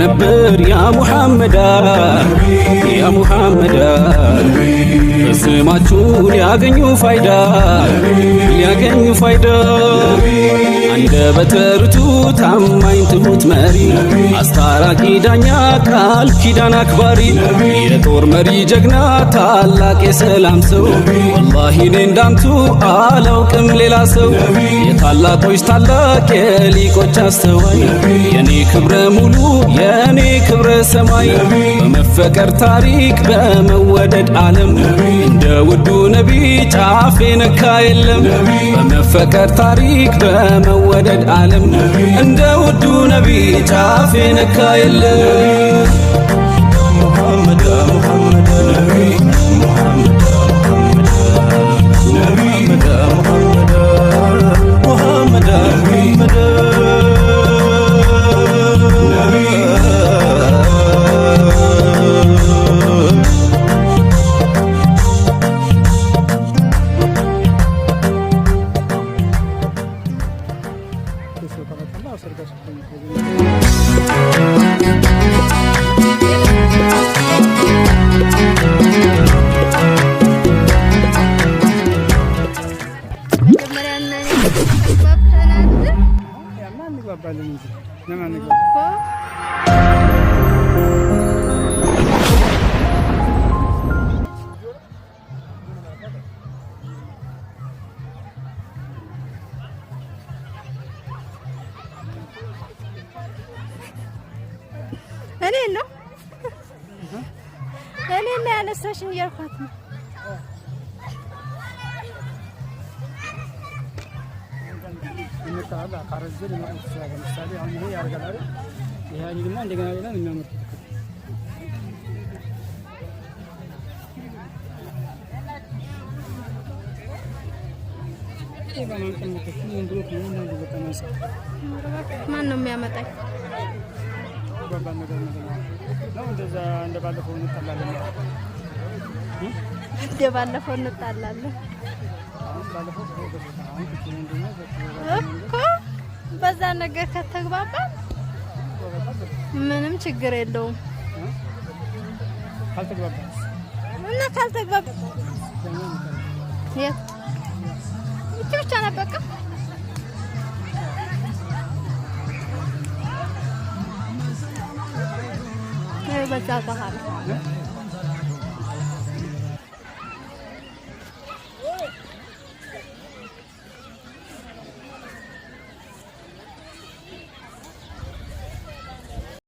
ነበር ያ ሙሐመዳ ያ ሙሐመዳ በስማችሁ ሊያገኙ ፋይዳ ሊያገኙ ፋይዳ ለበትርቱ ታማኝ ትሁት መሪ አስታራቂ ዳኛ ቃል ኪዳን አክባሪ የጦር መሪ ጀግና ታላቅ የሰላም ሰው ወላሂ እኔ እንዳንቱ አላውቅም ሌላ ሰው የታላቆች ታላቅ የሊቆች አስተዋይ የኔ ክብረ ሙሉ የኔ ክብረ ሰማይ በመፈቀር ታሪክ በመወደድ ዓለም እንደ ውዱ ነቢ ጫፍ የነካ የለም በመፈቀር ታሪክ በመወደድ ወደድ ዓለም እንደ ውዱ ነቢ ጫፍ ነካ የለም። ሙሐመድ ሙሐመድ ነቢይ Babalandı. Hemen babalandı. እኔ ነው እኔ ነው ያነሳሽኝ እያልኳት ነው። ማን ነው የሚያመጣኝ? የሚያጓጓን ነገር ነው። እንደዛ እንደባለፈው እንጣላለን፣ እንደባለፈው እንጣላለን። በዛ ነገር ከተግባባ ምንም ችግር የለውም። ካልተግባባን እና ካልተግባባን ብቻ ብቻ ነበቃ 我吃烧烤。